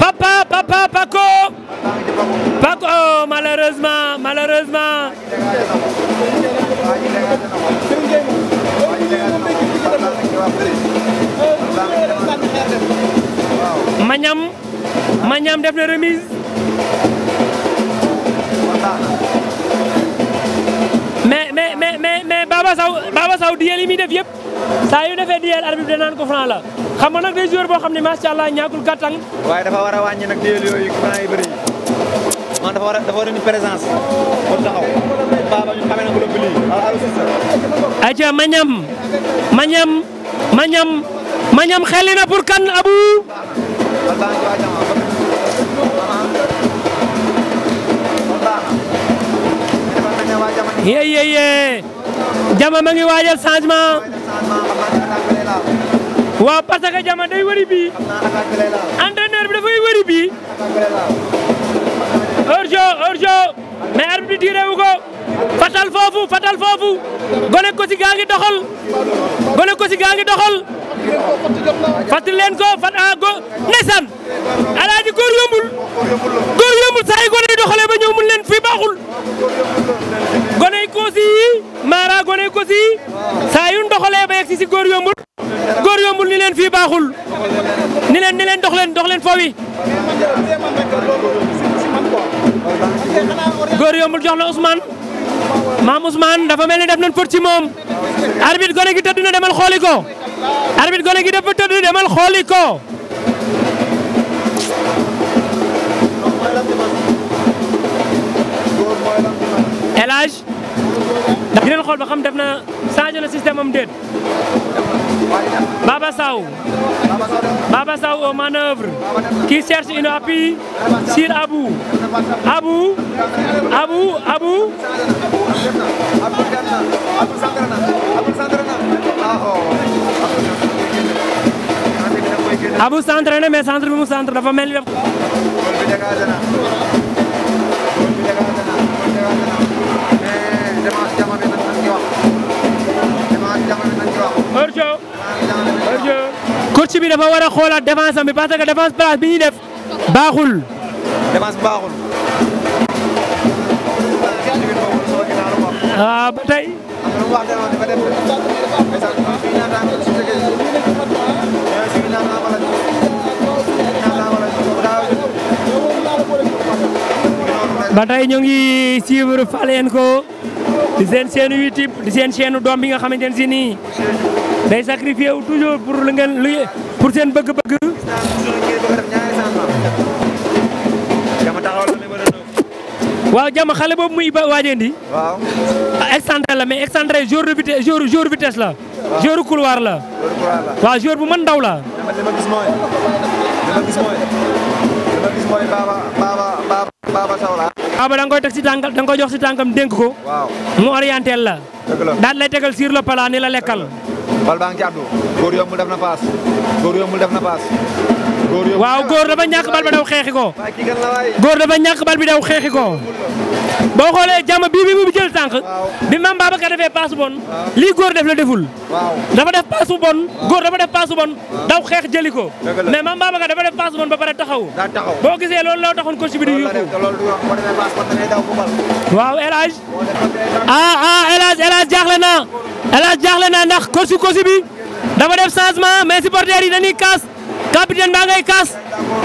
papa papa Paco Paco oh, malheureusement malheureusement Mañam Mañam def na remise mais mais mais mais Baba Sow Baba saw diyeel yi mii def yëpp saa yu defee diyeel arbitre bi danaan ko franc la xam nga nag day joueur boo xam ne macha allah ñaakul kattan. waaye dafa war a wàññi nag diyeel yooyu franc yi bëri yi dafa war a dafa war a une présence pour taxaw Baba ñu xamee na ko lëbb mañam mañam mañam mañam kan Abou. yeye yeye jama ma ngi waajal changement waaw parce que jama day wëri bii entraîneur bi dafay wëri bii hors jeu hors jeu mais arbitre bi tiré wu ko fatal foofu fatal foofu gone ko si gaa ngi doxal gone ko si gaa ngi doxal fàttali leen ko fat a go ndeysaan alaaji góor yombul góor yombul saa yi gone yi doxalee ba ñëw mun leen fii baaxul gone yi koosi yi maara gone yi koosi yi saa yu doxalee ba yegg si si góor yombul góor yombul ni leen fii baaxul ni leen ni leen dox leen dox leen foofu góor yombul jox na Ousmane maam Ousmane dafa mel ni def nañ fët ci moom arbitre gone gi tëdd na demal xooli ko arbitre gone gi dafa tëdd demal xooli ko El Hadj ndax di leen xool ba xam def na changé na système am déet Baba Sow Baba Sow aux manœuvres qui cherche une appui sur Abou Abou Abou Abou Abou centre na mais centre bi mu centre dafa mel ni. coach bi dafa war a xoolaat défense am bi parce que défense place bi ñuy def baaxul. défense baaxul. ah ba tey. batay ñu ngi suivre falen ko di sen sen YouTube di sen sen anu dom bi nga xamanteni ni day sacrifier toujours pour lu ngeen pour sen bëgg-bëgg waaw jàmm xale boobu muy ba waaj indi. waaw. Ah, la mais excentré jour de vitesse jour jour vitesse la. waaw jour couloir la. waaw jour bu man ndaw la. li ma gis mooy li koy teg si tànkam da nga koy jox si tànkam dénk ko. waaw mu orienté la. dëgg lay tegal sur le plat la lekkal. bal baa ngi ci àddu góor def na paas yombul def na paas. waaw góor dafa ñàkk bal bi daw xeexi ko góor dafa ñàkk bal bi daw xeexi ko boo xoolee jàmm bii bi mu jël tànk bi Mame Babacar defee passe bon lii góor def la deful dafa def passe bon góor dafa def passe bon daw xeex jëli ko mais Mame Babacar dafa def passe bon ba pare taxaw boo gisee loolu la taxoon coach bi di yuuxu waaw El Hadj ah, ah na El Hadj na ndax coach coach bi dafa def changement mais supporters yi dañuy kaas capitaine ba ngay kas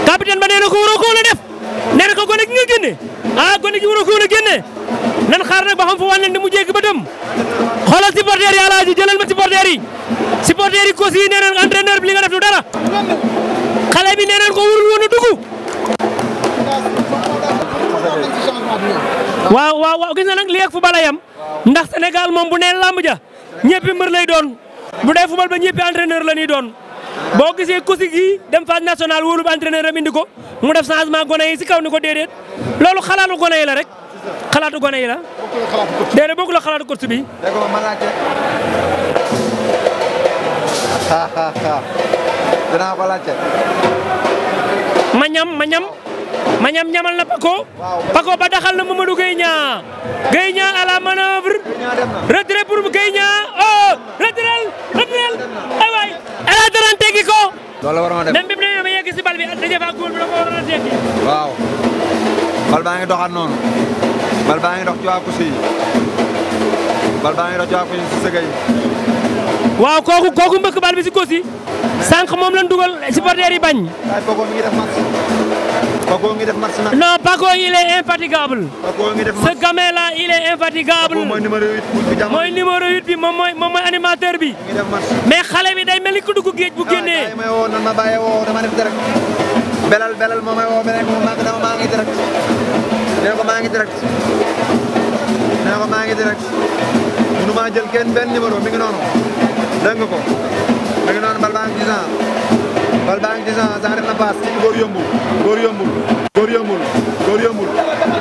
capitaine ba neena ko woro ko la def neena ko gone nga génne ah gone gi waroo ko la a nan xaar nag ba xam fu wane ni mu jégg ba dem xoolal supporter ya laaji jëlal ma supporter yi supporter yi ko si neena entraîneur bi li nga def lu dara xalé bi neena ko warul wona duggu waaw waaw waaw gis na nak lii ak football ndax senegal mom bu ne lamb ja ñepp meur lay doon bu day football ba ñepp entraîneur la ni doon. boo gisee kosi gi dem phase nationale wóolu ko mu def changement gone yi si kaw ni ko déedéet loolu xalaatu gone yi la rek xalaatu gone la. déedéet bokkul ak xalaatu course bi. d'accord ma laajte. ah ko laajte. ma ñam ma ma ñam ñamal na pako pako ba daxal na Mamadou gayña gayña à la manœuvre retrait pour gayña oh retrait retrait ay way ala daran teggi ko do la warama dem même bi ne ma yegg ci bal bi dañe fa gool bi da ko warana teggi waaw bal ba nga doxat non bal ba nga dox ci wa kusi bal ba nga dox ci wa kusi ci segay waaw kooku kooku mbëkk bal bi ci kosi sank mom lañ duggal supporter yi bañ ay Paco mi ngi def match Paco ngi def match nag. non Paco il est def match ce gamin là il mooy numéro 8 bi jàmm. mooy numéro moom mooy moom mooy bi. ngi mais xale bi day mel ni ku dugg géej bu ah, génnee. waaw may woo nan ma bàyyee woo dama def direct. belal belal moo may woo beneen moom maa maa ngi direct. maa ngi direct. nee ko munu maa jël kenn benn numéro mi ngi noonu. dégg nga ko. mi ngi noonu bal baa ngi bal baa ngi ci Jean Jean góor yombul góor yombul góor yombul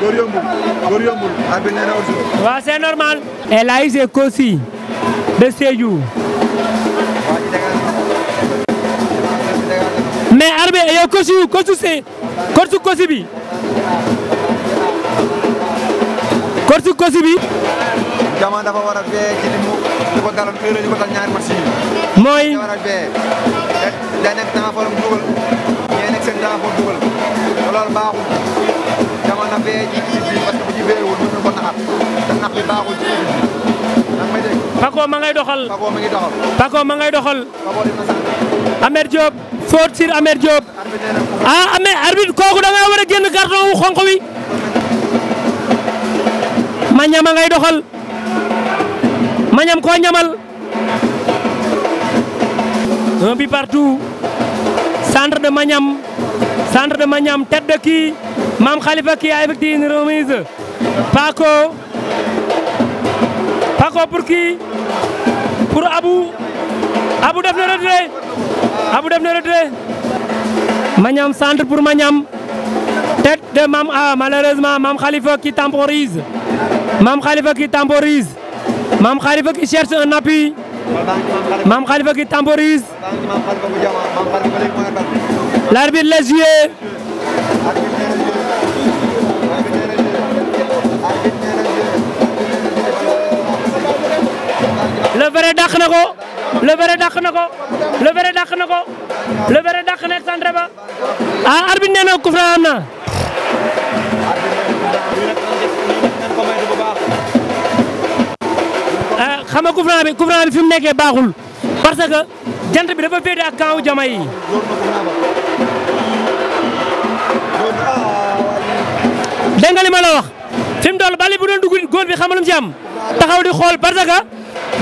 góor yombul góor nee na waaw c'est normal. El Hadj Kossi de Sédhiou. mais arbe yow Kossi Kossi c'est Kossi Kossi bi. Kossi bi. mooy. day nekk temps foofu dugal ñee nekk seen temps foofu dugal te loolu baaxul dama na fee ji ji bi parce que bu ji béewul mën na ko naxat te nax bi baaxul ci may ma ngay doxal ma ngay doxal ma ngay doxal na sax Amer Amer ah Amer arbitre kooku da ngay war a carton wu xonq wi ma ñama ngay doxal ma ñam ñamal Un but partout. Centre de Magnam. Centre de Magnam. Tête de qui Mam Khalifa qui a effectué une remise. Paco. Paco pour qui Pour Abou. Abou def le retrait. Abou def le retrait. Magnam centre pour Magnam. Tête de Mam A. Ah, malheureusement, Mam Khalifa qui temporise. Mam Khalifa qui temporise. Mam Khalifa qui cherche un appui. Mame Khalifa qui temporise. L'arbitre laisse jouer. Le verre dàq na ko le verre dàq na ko le verre dàq na ko le verre dàq na centre ba ah arbitre nee na coup franc am na xam nga bi gouvernement bi fi mu nekkee baaxul parce que jant bi dafa féete ak camp jama yi. dégg nga li ma la wax fi mu toll bali bu doon dugg góol bi xamalum ci am taxaw di xool parce que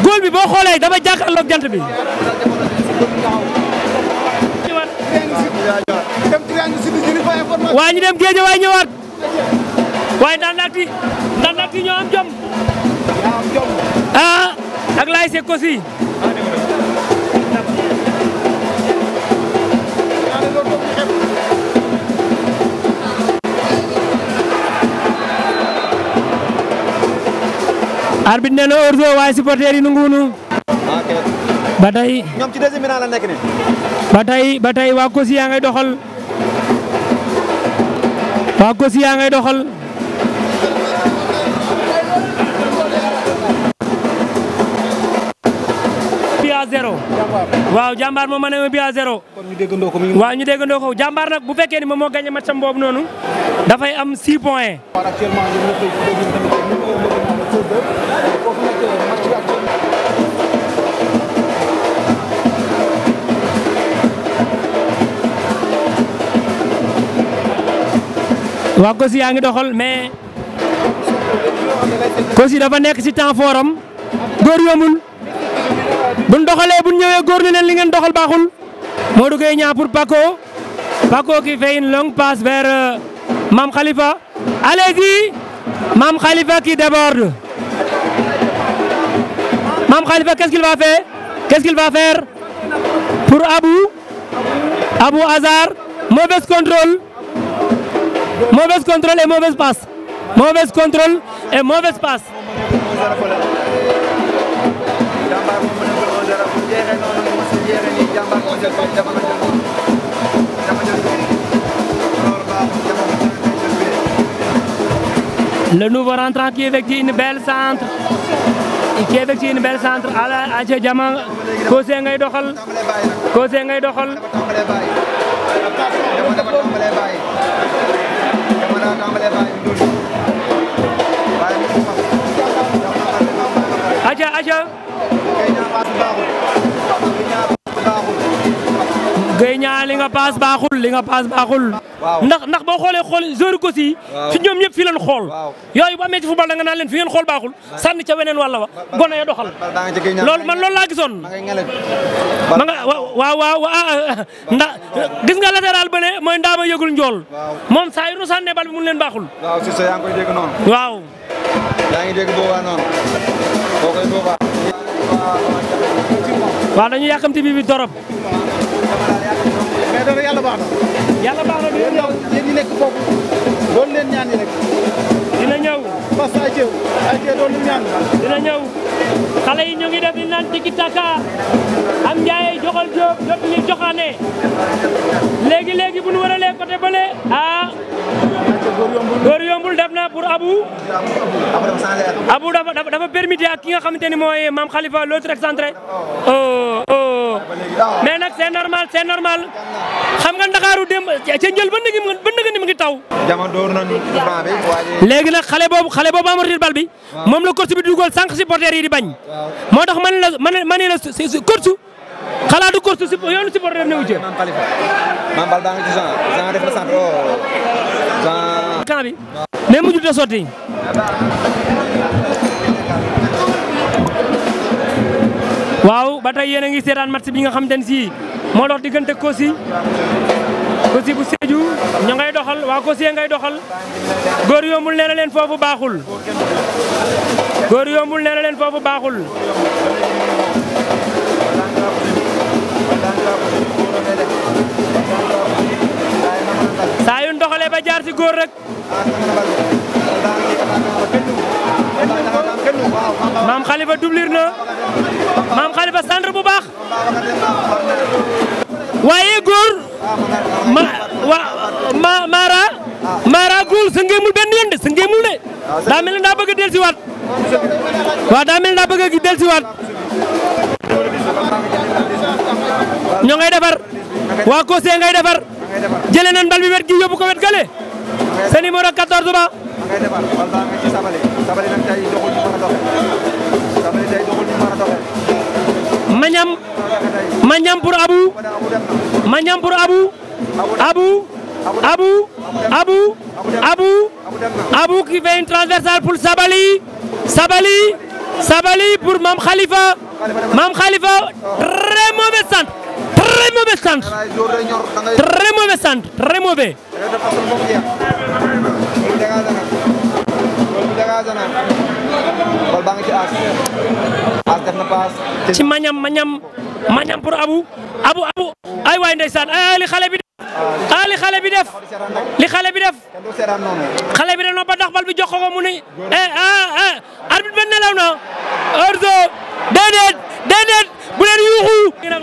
góol bi boo xoolee dafa jàkkaarloog jant bi. waa ñu dem géej waay ñëwaat. waaye ndaanaan bi ndaanaan bi ñoo am jom. ñoo am jom. ah ak laay seeg ko si. na hors-jeu waaye supporters yi nangu ah, waa Kosi yaa ngay doxal. waa Kosi yaa ngay doxal. zéro waaw jàmbaar moom mën na bi à zéro waaw ñu déggandoo ko jàmbaar nag bu fekkee ni moom moo gagné match am boobu noonu dafay am 6 points waaw euh, Kossy yaa ngi doxal mais Kossy dafa nekk ci temps fort góor yombul buñ doxalee buñ ñëwee góor ni leen li ngeen doxal baaxul Modou Gueye ñaa pour Paco Paco qui fait une longue passe vers euh, Mam Khalifa allez-y Khalifa qui déborde Mam Khalifa quest va faire quest va faire pour Abou Abou Hazard mauvais contrôle mauvais mauvaise passe mauvais contrôle et mauvaise passe Le nouveau rentrant qui effectue une belle centre qui effectue une belle centre ala Aja Jama Kose ngay doxal Kose ngay doxal Aja Aja Gueye ñaa li nga paas baaxul li nga paas baaxul. ndax ndax boo xoolee xool joueur ko si. fi ñoom ñëpp fi leen xool. yooyu ba amee ci football da nga naan leen fi ngeen xool baaxul sànni ca weneen wàlla wa gone ya doxal. loolu man loolu laa gisoon. ma nga waaw waaw ndax gis nga latéral bële mooy ndaama yëgul njool. moom saa yu nu sànnee bal bi mun leen baaxul. waaw si sa yaa ngi koy dégg noonu. waaw. yaa ngi dégg boobaa noonu boo koy boobaa. waaw dañuy yàkkamti bi bi torop mais dara yàlla baax na. yàlla baax na du yéen ñëw yéen leen ñaan yi rek. dina yi ñu ngi def li naan tiki taka am njaay joxal jóob dootuñu joxaane léegi léegi bu nu waralee côté bële ah, door yombul dab na pour Abou. Abou dafa dafa dafa permité ak ki nga xamante ni mooy Mame Khalifa l'autre excentré. oh oh mais nag c'est normal c'est normal xam nga Ndakaaru démb ca njël ba ngi ba nga ni taw. jamono door nañu nag xale boobu xale boobu amortir bal bi moom la course bi dugal sànq supporters yi di bañ. moo tax man la man la course xalaatu course yoonu supporter newu ci. Mame Khalifa kana bi ne mujjul ta sotti waaw ba tey yéen a ngi seetaan match bi nga xamante ne sii moo dox diggante Kossy Kossy bu Sédhiou ña ngay doxal waa Kossy ngay doxal góor yombul nee na leen foofu baaxul góor yombul nee na daa jaar si góor rek. maam Khalifa dublir na Mam Khalifa sandre bu bax. Waye góor ma wa ma Mara. Mara gul sa ngéemul benn yoon de sa ngéemul de. mel na beug bëgg wat dellusiwaat. waaw daa mel na beug bëgg a dellusiwaat. ñoo ngay defar waa ngay defar. jëlee nañ bal bi wet gi yóbbu ko wet gale sa numéro 14 ba. ngay defar bal baa nga ci sabali sabali abu abu abu abu abu abu abu qui fait une transversale sabali sabali sabali pour mam Khalifa mam Khalifa très mauvais centre Remueve stand. Remueve Remueve. ci mañam mañam mañam pour abu abu abu ay waay ndeysaan ay li xale bi def ay li xale bi def ah, li bi def xale bi ba ndax bal bi jox ko mu ne eh ah ah arbitre bi nelaw na orzo déedéet bu leen yuuxu nag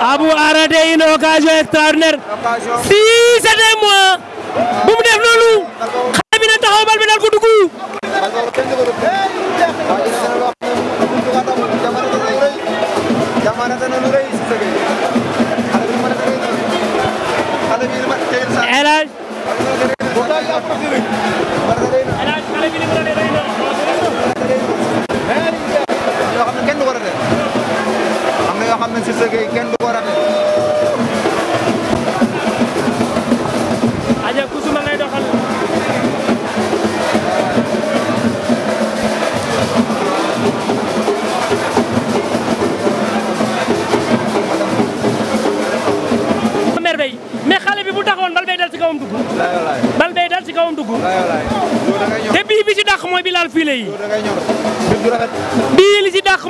Abou a raté une occasion extraordinaire si c'était moi bu mu def loolu xale bi na taxaw bal bi dal ko dugg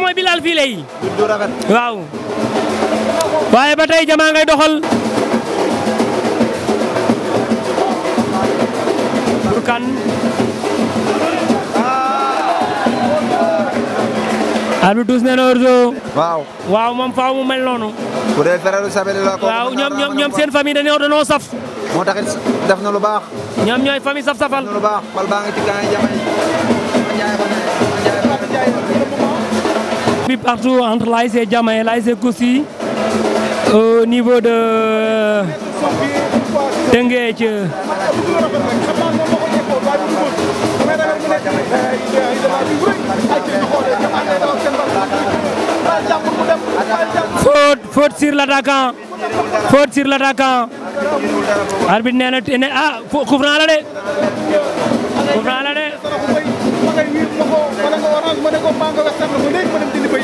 mooy Bilal fii lay waaw waaye ba tey doxal Burkan Albi ah. Douz nee na Orzo. waaw waaw moom faaw mu mel noonu. bu dee frère Sabel la ko. ñoom seen famille dañoo dañoo saf. moo taxit def na lu baax. ñoom ñooy famille saf safal. lu baax bal ci gaa partout entre et Diama et l'ASC Koussi au niveau de Tengech. Faute, faute sur l'attaquant. Faute sur l'attaquant. Arbitre ah couvrant franc la de ko orange ma ne ko mango nga sànq ba léegi ma dem jëndi bëy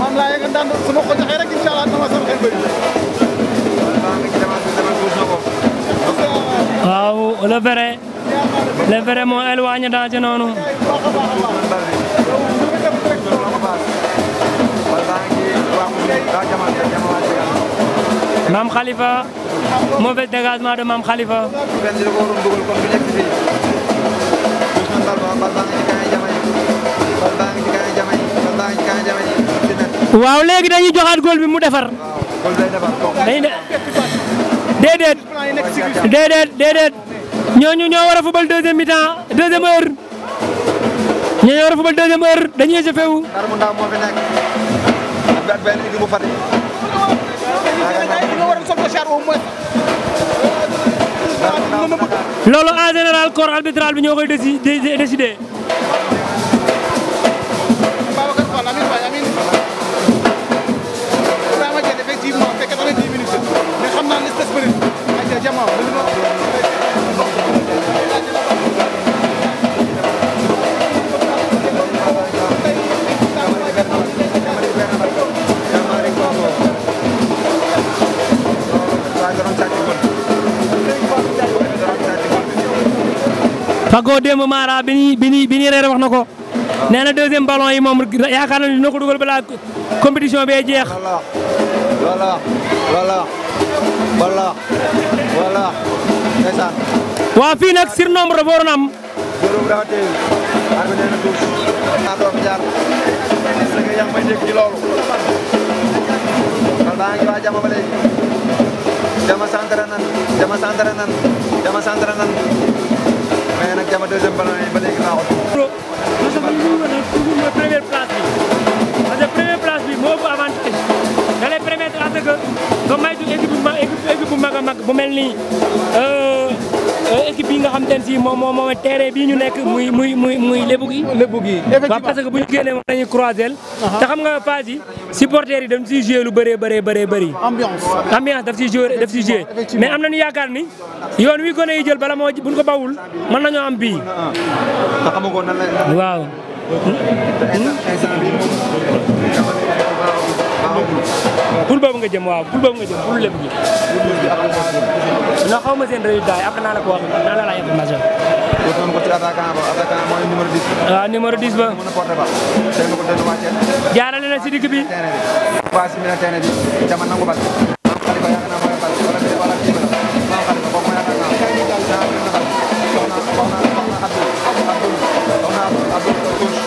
man laa yëg daan su ma ko joxee rek incha allah dama sama xel bëy waaw le vrai le vrai moo éloigné daa ci noonu Mame Khalifa mauvais dégagement de Mame Khalifa waaw léegi dañuy joxaat góol bi mu defar. day de déedéet ñoo war a fubal deuxième mi-temps ñoo war a fubal deuxième dañuy échauffé wu. loolu en général corps arbitral bi ñoo koy décidé. effectivement te 90 minutes mais xam naa ne parce que Mara bini bini bini ñuy bi ñuy reere wax na ko nee na deuxième ballon yi moom yaakaar na dina ko dugal balaa compétition bee jeex. voilà voilà voilà voilà voilà. waa fii nag surnombre dafa waroon am. juróom dafa téye arbi nee na tuus naa doon jaar gis nga yaa ngi may dégg ci loolu kon daa ngi waa jama jama santre jama santre jama santre mais nag jama deuxième ballon yi ba léegi baaxul. parce que ñu ngi toujours mooy première place bi parce que première place bi moo ëpp avantage da lay permettre à ce que nga maytu équipe bu mag équipe bu mag a mag bu mel nii. Euh, Euh, équipe yi nga xam te ne si moo moo moom terrain bii ñu nekk muy muy muy muy lébu gi. lébu gi effectivement parce que bu ñu génnee moom dañuy croiser uh-huh. te xam nga phase yi supporters yi dañ siy joué lu bëree bëree bëree bëri. ambiance ambiance daf siy joué daf siy joué mais am nañu yoon wi gone yi jël bala moo buñ ko bawul mën nañoo am uh-huh. waaw. Hmm? Hmm? bul boobu nga jëm waaw bul boobu nga jëm bul lëb ji. non xaw ma seen résultat yi après naa la ko wax naa la laaj information. wut nañu ko ci attaquant ba attaquant mooy numéro 10. waaw ah, numéro 10 ba. mën a porté ba. tey nga ko tey nga wàccee. jaarale na si digg bi. waa si biir terrain bi dama nangu bal. maam Khalifa yaakaar naa mooy bal wala bii wala bii la maam Khalifa boobu mooy attaquant bi. naa bëgg na bal wax naa wax naa Abdou Abdou wax naa Abdou Abdou Touche.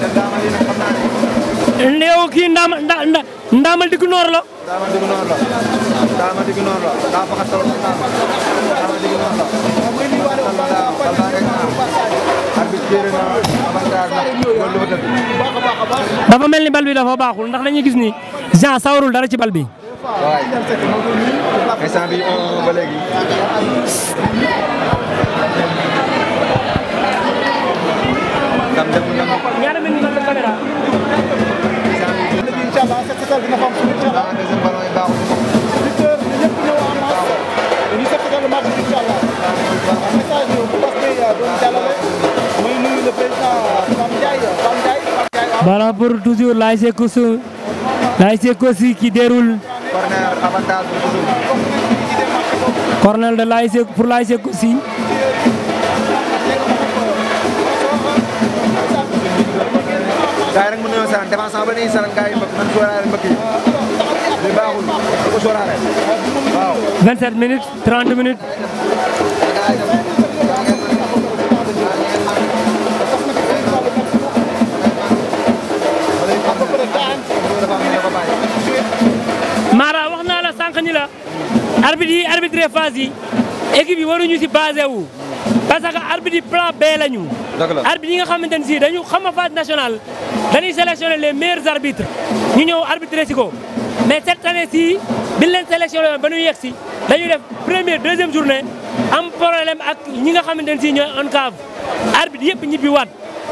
te ndaama lii nag xam naa ne. néew kii ndaama nda nda. ndaamal diggu noor la. mel ni bal bi dafa baaxul ndax dañuy gis ni Jean dara ci bal bi. incha allah set setal dina fa am suuf incha allah. huit heures ñëpp ñëw en masse euh, pour toujours laay sekk qui déroule. corner avantage. corner de laay sekk pour laay sekk aussi. gars yi rek mën nañoo saraan défense ba dañuy saraan gars yi mbëkk man sóoraale mbëkk yi li baaxul ko sóoraale waaw. 27 minutes 30 minutes. Mara wax naa la sànq ni la. arbitre yi arbitre phase yi équipe yi waruñu si basé wu. parce que arbitre yi plan B la ñu. arbitre yi nga xamante ne si dañu xam nga phase nationale dañuy sélectionner les meilleurs arbitres ñu ñëw arbitrer si ko mais cette année ci biñ leen sélectionné woon ba ñu yegg si dañuy def première deuxième journée am problème ak ñi nga xamante ne si ñooy ONCAV arbitre yëpp ñibbi waat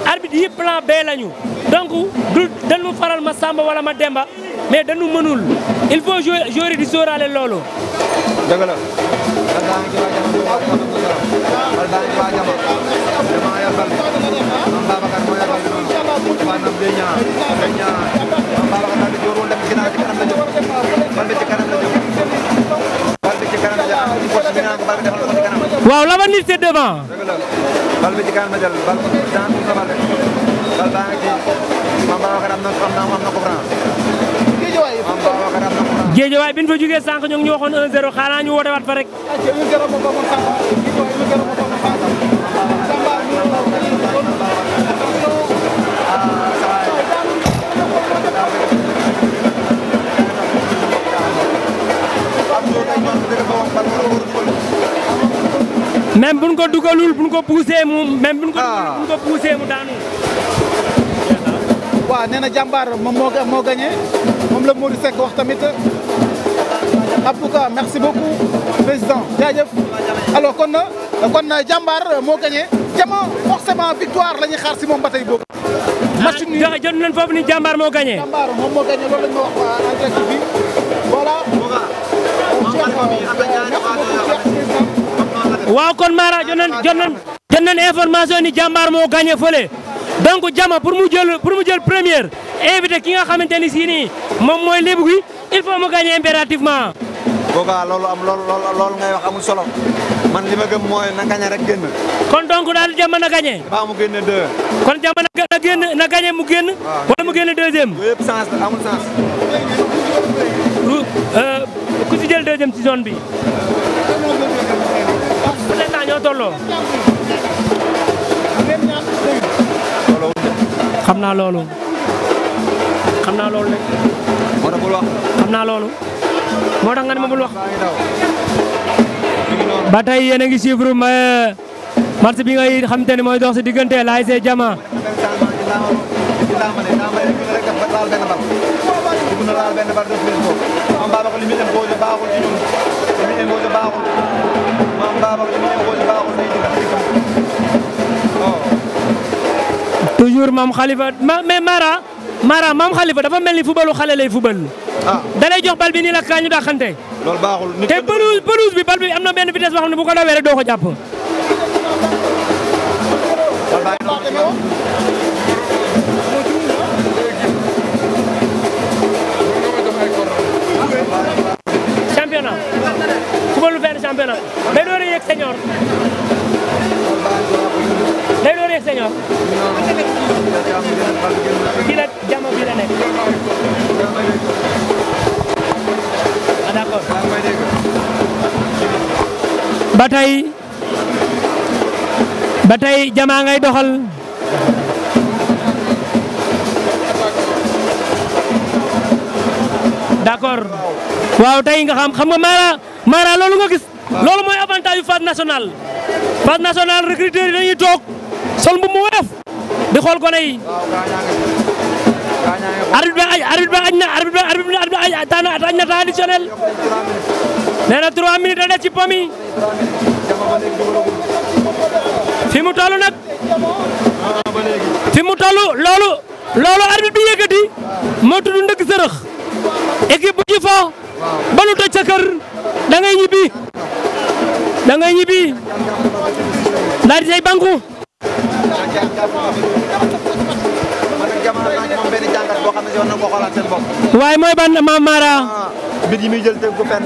arbitre yëpp plan B la ñu donc du dañu faral ma Samba wala ma Demba mais dañu mënul il faut jouer jouer di sóoraale loolu. Wow, lawan ni Jama Ayar Bal Mam Babacar bal bi ci kanam bal bi ci kanam la jóg ci poche bi ñaan ko bal devant géejawaay bi ñu fa sànq ñoo ñu waxoon 1 buñ ko dugalul buñ ko poussé mu. même buñ ko dugalul ah. buñ ko poussé mu daanu. waaw nee na jàmbaar moom moo moom la Modou Seck wax tamit. en tout cas merci beaucoup président jaajëf alors kon na kon Jambar, moo gagné jamono forcément victoire la ñuy xaar si moom ba tey boobu. match bi joxe jot nañu foofu gagné. Jambar, moom moo gagné loolu la ñu wax en direct bi voilà. waaw kon Mara jot nañu jot information ni jambar mo gagné feulé donc jama pour mu jël pour mu jël première invité ki nga xamanteni si ni mom moy lébu gi il faut mo gagner impérativement. kooka loolu am lool loolu ngay wax amul solo man lima gëm na gañe rek genn kon donc dal jàmm na gañe. ba mu genn deux. kon jàmm na génn na gañe mu genn wala mu genn deuxième. yooyu sens amul sens. euh ku ci jël deuxième ci zone bi. pour l'instant ñoo tolloo. rek. war na wax. moo tax nga ne ma bul wax. ba tey yéen a ngi suivre match bi ngay xam te ne mooy dox si diggante ASC Diama. toujours maam Khalifa mais Mara. maanaam maam xalifa dafa mel ni fubalu xale lay fubal. ah da lay jox bal bi la kaa ñu te pelouse pelouse bi bal am na benn vitesse boo xam bu ko dawee rek doo ko jàpp. championnat fubalu benn bi la nekk. ba tey jamaa ngay doxal. waaw tey nga xam xam nga loolu nga gis. loolu mooy avantage yu phase nationale. phase nationale dañuy toog sol bu mu woyof di xool gone yi. arbitre bi ay arbitre bi añ na arbitre bi añ na temps additionnel nee na 3 minutes da des ci pomi fi mu toll nag fi mu toll loolu loolu arbitre bi yëkkati moo tudd ndëgg sërëx équipe bu ci fo ba lu toj sa kër da ngay ñibbi da ngay ñibbi daal di say banku soxna si waaye mooy ban maam Mara. bit yi jël tëgg ko fenn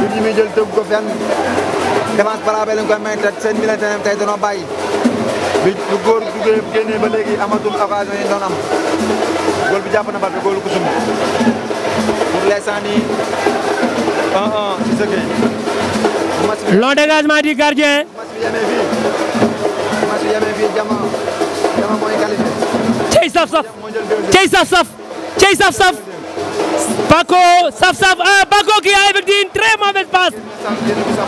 bit yi muy jël tëgg ko fenn dépense par rappel lañ koy may bi bu ba léegi amatul occasion yi doon am bi jàpp na bal bi góorlu ko sum pour l'instant nii 1-1 ci mooy qualifié. cey saf-saf cey saf-saf cey saf-saf Paco saf-saf ah Paco qui a effectué une très mauvaise passe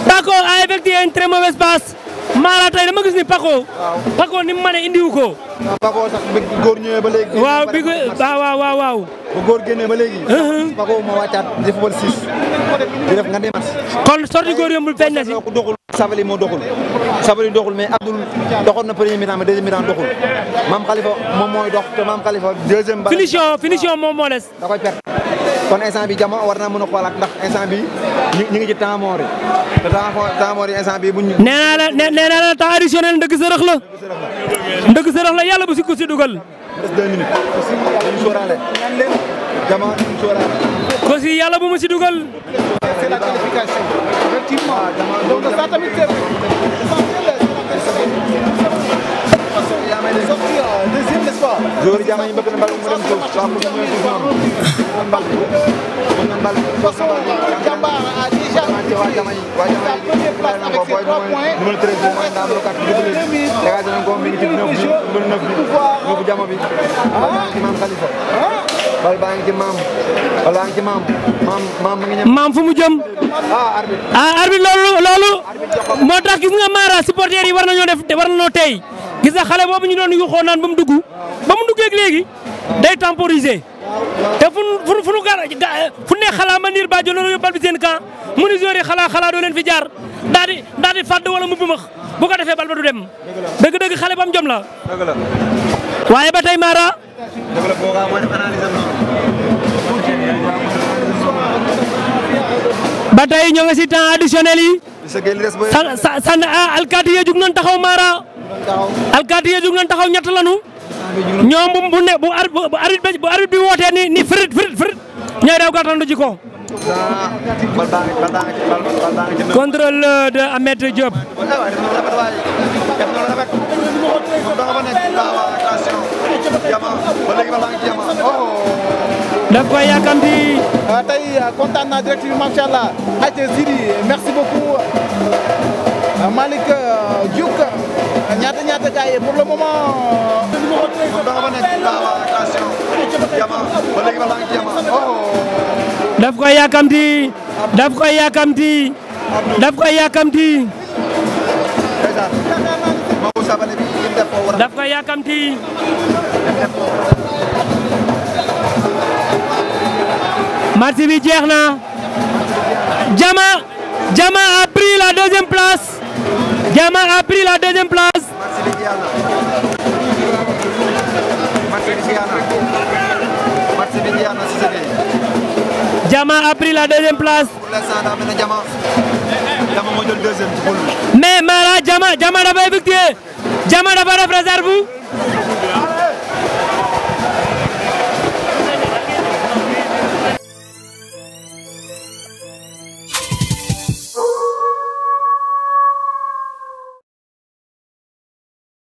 Paco a effectué une très mauvaise passe Mara tey dama gis ni Paco. Paco ni mu mën a indiwu ko. waaw Paco sax bi góor ñëwee ba léegi. waaw bi ko waaw waaw waaw. bu góor génnee ba léegi. Paco ma wàccaat def wala six. di def nga demat. kon sorti góor yombul feeñ na si. Sabali moo doxul. Sabali doxul mais Abdoul doxoon na premier mi-temps mais deuxième mi-temps doxul maam Khalifa moom mooy dox te maam Khalifa deuxième. ba finition finition moom des. bi jamono war naa a yàlla bu ko si dugal. des si yàlla Diamé sorti deuxième n'est-ce pas Joori Diamé ñu bëgg na mbal mu dem suuf waaw pour ñu ñëw ci noonu mbal mën na mbal jàmbaar waa Jama yi waa bi mooy ndam lu kat bi dugg léegi dégage nañ maam Khalifa ah. mu ngi jëm ah, ah arbitre loolu loolu moo tax gis nga Mara supporters yi war nañoo def war nañoo tey gis nga xale boobu ñu doon yuxoo naan ba mu dugg ba mu duggee léegi day temporiser té fu fu fu nu gar fu ne xalaa manir baajo loolu yóbbal bi sen kan mu jori xala xala do len fi jaar daal di fad wala mu bumax bu ko defé bal ba du dem deug deug xalé bam jom la waaye ba tey maara ba tey ñoo temps additionnel yi san sa ah, al yee jug nan taxaw mara al yee jug nan taxaw ñatt lañu ñoom bu bu bu arbitre bu wootee ni ni firit ñooy daw gàttandu ji ko. contrôle euh, de Ahmed Diop. daf koy yàkkamti. Euh, tey euh, kontaan naa direct bi macha merci beaucoup Malick Diouk. attaque gars yi pour le oh. daf koy yàkkamti daf koy yàkkamti bi jeex na. Diama Diama a pris place. Marsiliana Marsiliana Marsiliana Cissé Gueye. Diama a pris la deuxième place. pour l'instant daa mel ne Diama Diama moo jël deuxième ci poule mais Mara Diama Diama dafay victoire Diama dafa def réserve.